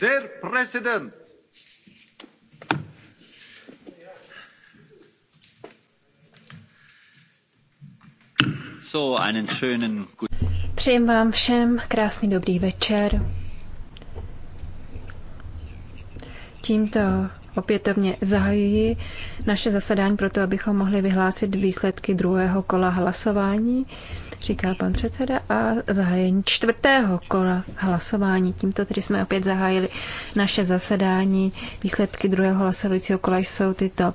der präsident! So, einen schönen Přeji vám všem krásný dobrý večer. Tímto opětovně zahajuji naše zasedání proto, abychom mohli vyhlásit výsledky druhého kola hlasování říká pan předseda, a zahájení čtvrtého kola hlasování. Tímto tedy jsme opět zahájili naše zasedání. Výsledky druhého hlasovacího kola jsou tyto.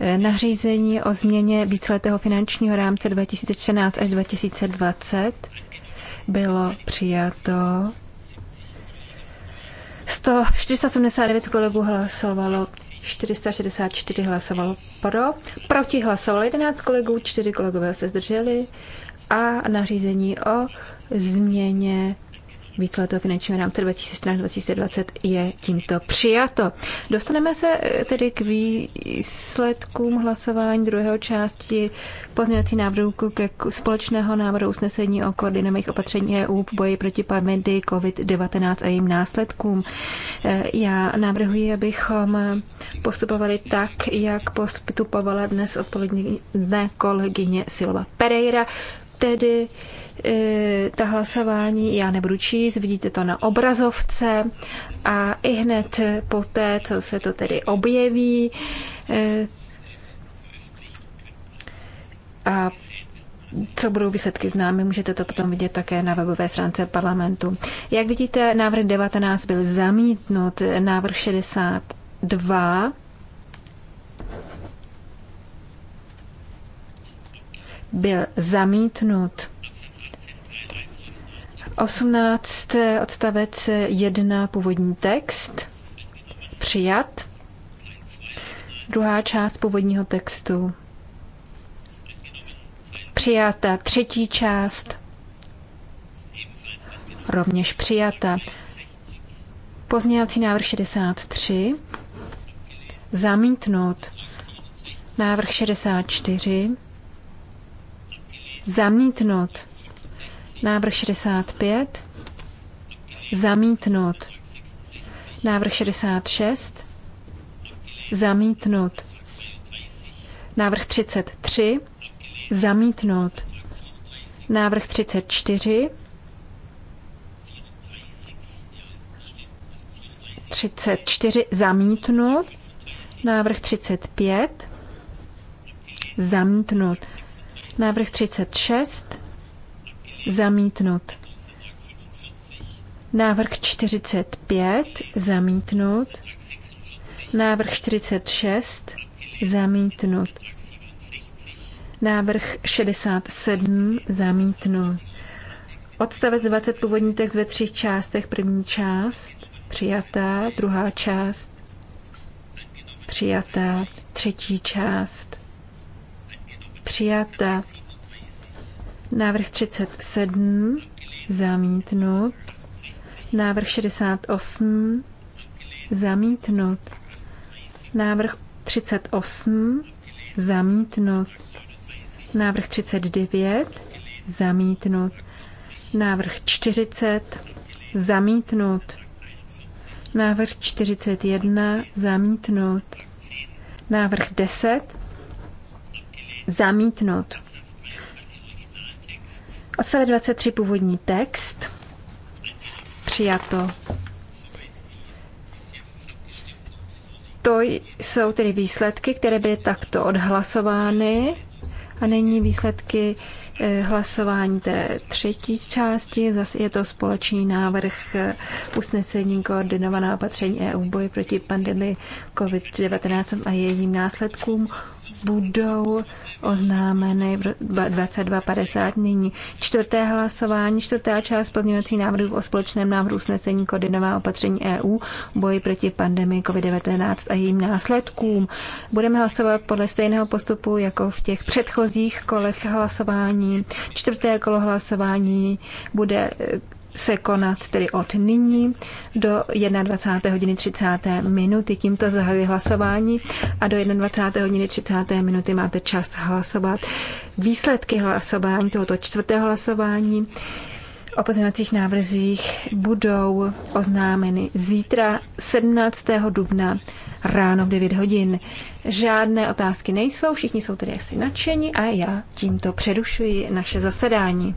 E, nařízení o změně víceletého finančního rámce 2014 až 2020 bylo přijato. 100, 479 kolegů hlasovalo 464 hlasovalo pro, proti hlasovalo 11 kolegů, 4 kolegové se zdrželi a nařízení o změně víceletého finančního rámce 2014-2020 je tímto přijato. Dostaneme se eh, tedy k výsledkům hlasování druhého části pozměňovací návrhu ke společného návrhu usnesení o koordinových opatření EU v boji proti pandemii COVID-19 a jejím následkům. Eh, já navrhuji, abychom postupovali tak, jak postupovala dnes odpoledne kolegyně Silva Pereira tedy e, ta hlasování já nebudu číst, vidíte to na obrazovce a i hned poté, co se to tedy objeví e, a co budou výsledky známy, můžete to potom vidět také na webové stránce parlamentu. Jak vidíte, návrh 19 byl zamítnut, návrh 62 byl zamítnut. 18 eh, odstavec 1 původní text přijat. Druhá část původního textu přijata. Třetí část rovněž přijata. Pozměňovací návrh 63 zamítnout. Návrh 64 Zamítnout. Návrh 65. Zamítnout. Návrh 66. Zamítnout. Návrh 33. Zamítnout. Návrh 34. 34 Zamítnout. Návrh 35 Zamítnout. Návrh 36. Zamítnut. Návrh 45. Zamítnut. Návrh 46. Zamítnut. Návrh 67. Zamítnut. Odstavec 20 původní text ve třech částech. První část přijatá, druhá část přijatá, třetí část Přijata. Návrh 37. Zamítnut. Návrh 68. Zamítnut. Návrh 38. Zamítnut. Návrh 39. Zamítnut. Návrh 40. Zamítnut. Návrh 41. Zamítnut. Návrh 10. Zamítnout. Odstavec 23 původní text. Přijato. To jsou tedy výsledky, které byly takto odhlasovány a není výsledky eh, hlasování té třetí části. Zase je to společný návrh eh, usnesení koordinovaná opatření EU v boji proti pandemii COVID-19 a jejím následkům budou oznámeny v 22.50 nyní. Čtvrté hlasování, čtvrtá část pozměňovací návrhu o společném návrhu usnesení koordinová opatření EU boji proti pandemii COVID-19 a jejím následkům. Budeme hlasovat podle stejného postupu jako v těch předchozích kolech hlasování. Čtvrté kolo hlasování bude eh, se konat tedy od nyní do 21. hodiny 30. minuty. Tímto zahajuji hlasování a do 21. hodiny 30. minuty máte čas hlasovat. Výsledky hlasování tohoto čtvrtého hlasování o pozměňovacích návrzích budou oznámeny zítra 17. dubna ráno v 9 hodin. Žádné otázky nejsou, všichni jsou tedy asi nadšení a já tímto přerušuji naše zasedání.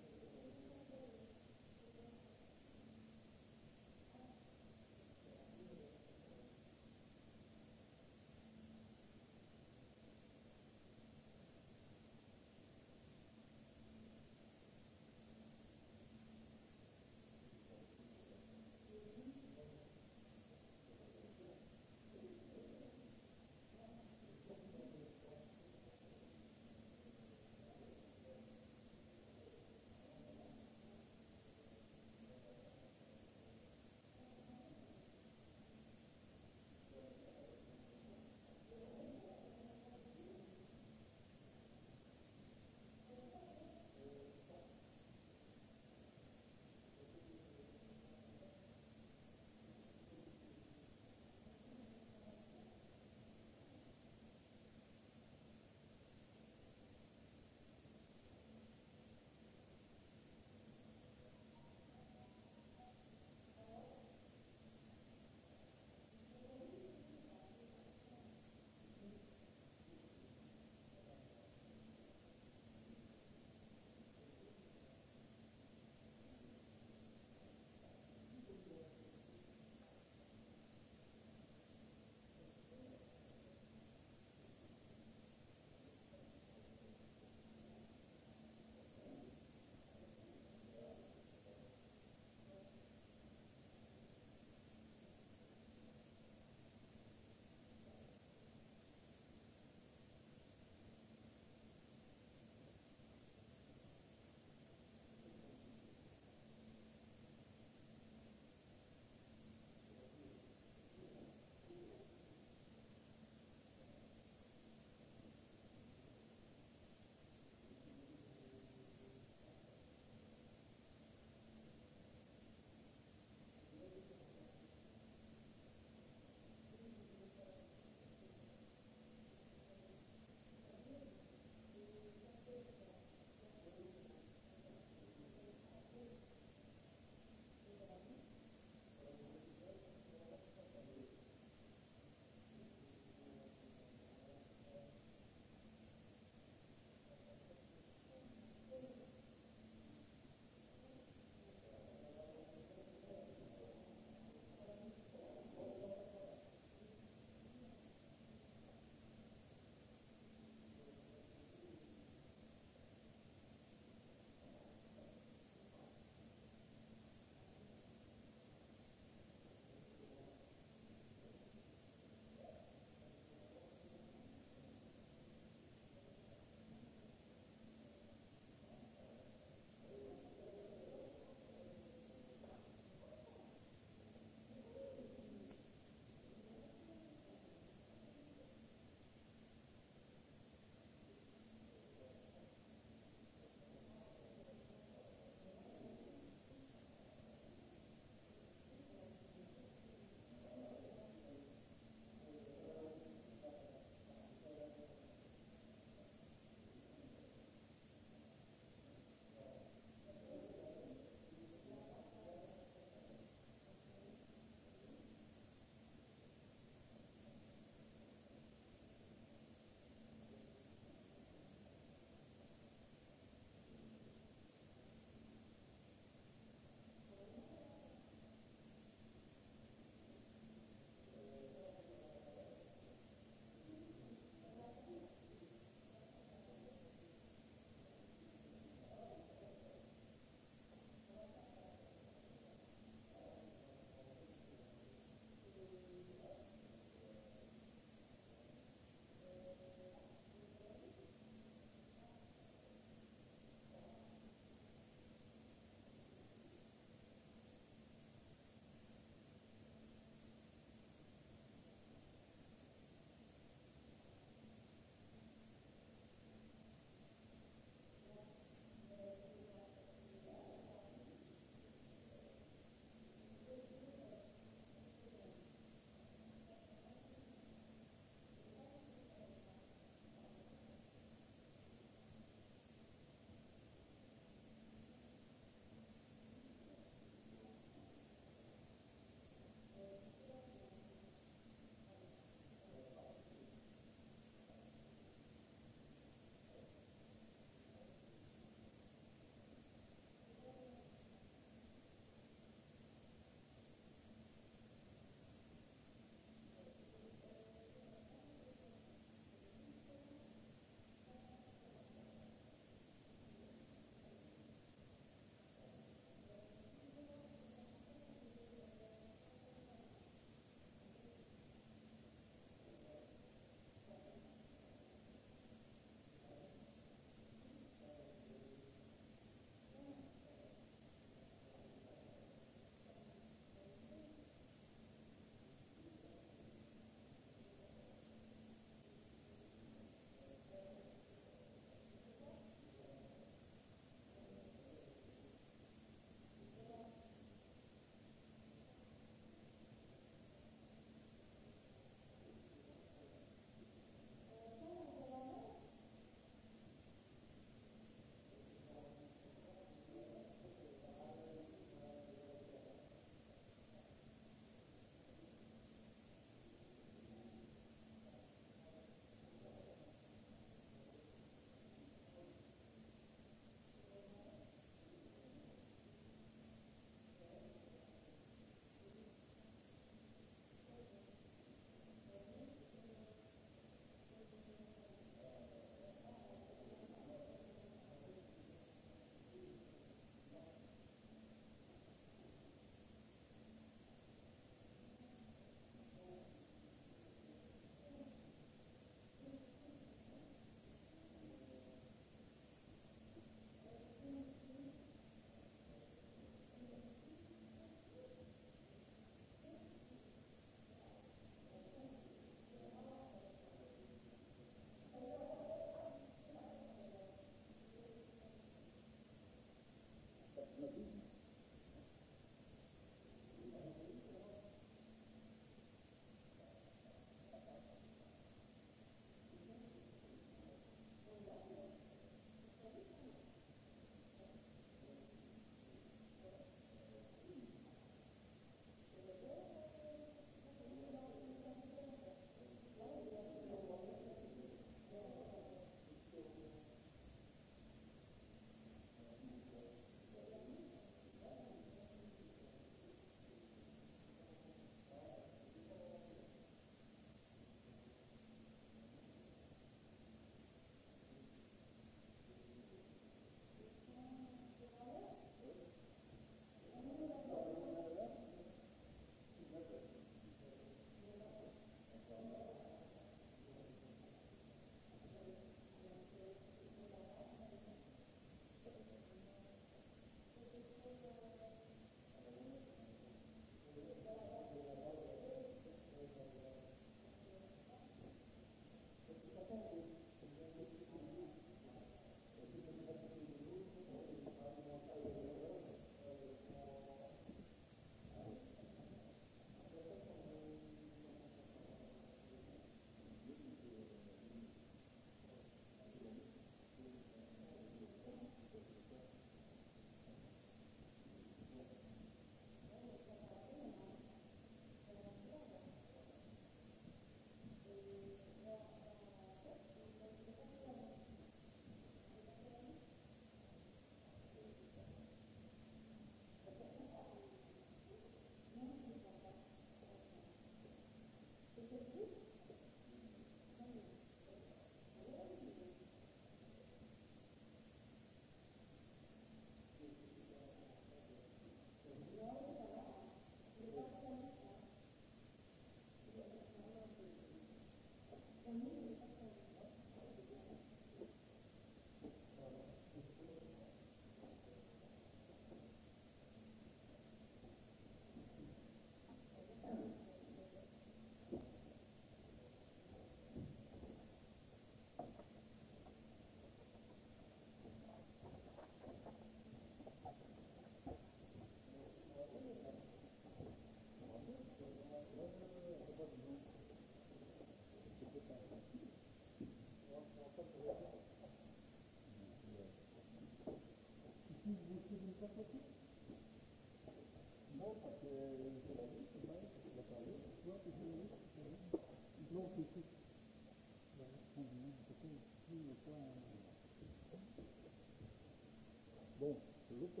Bom, eu vou porque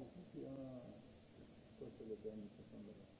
o que é a sociedade de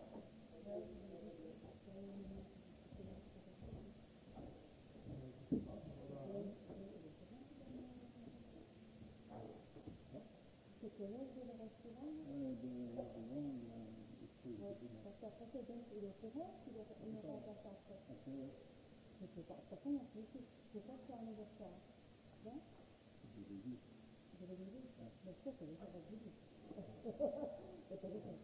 collège et le restaurant euh, de, Devant le school. Ouais, parce qu'après, c'est donc le courant qui doit être remplacé après. Après, ouais. Mais c'est pas, par contre, je peut c'est pas sur un anniversaire. Non Je l'ai dit. Je l'ai dit Bien sûr, c'est déjà réglé. C'est pas vrai.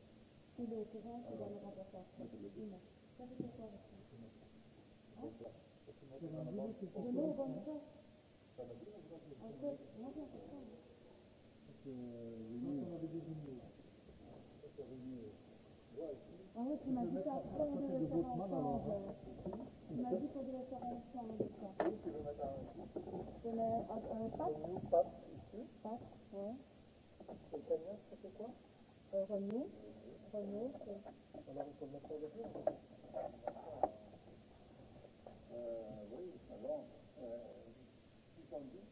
Il est je courant qu'il doit le remplacer après. Il m'a. Ça, c'est pourquoi je suis. Hein Je l'ai dit, c'est je le bon sens. Encore, moi, j'ai un peu de temps. Ah oui,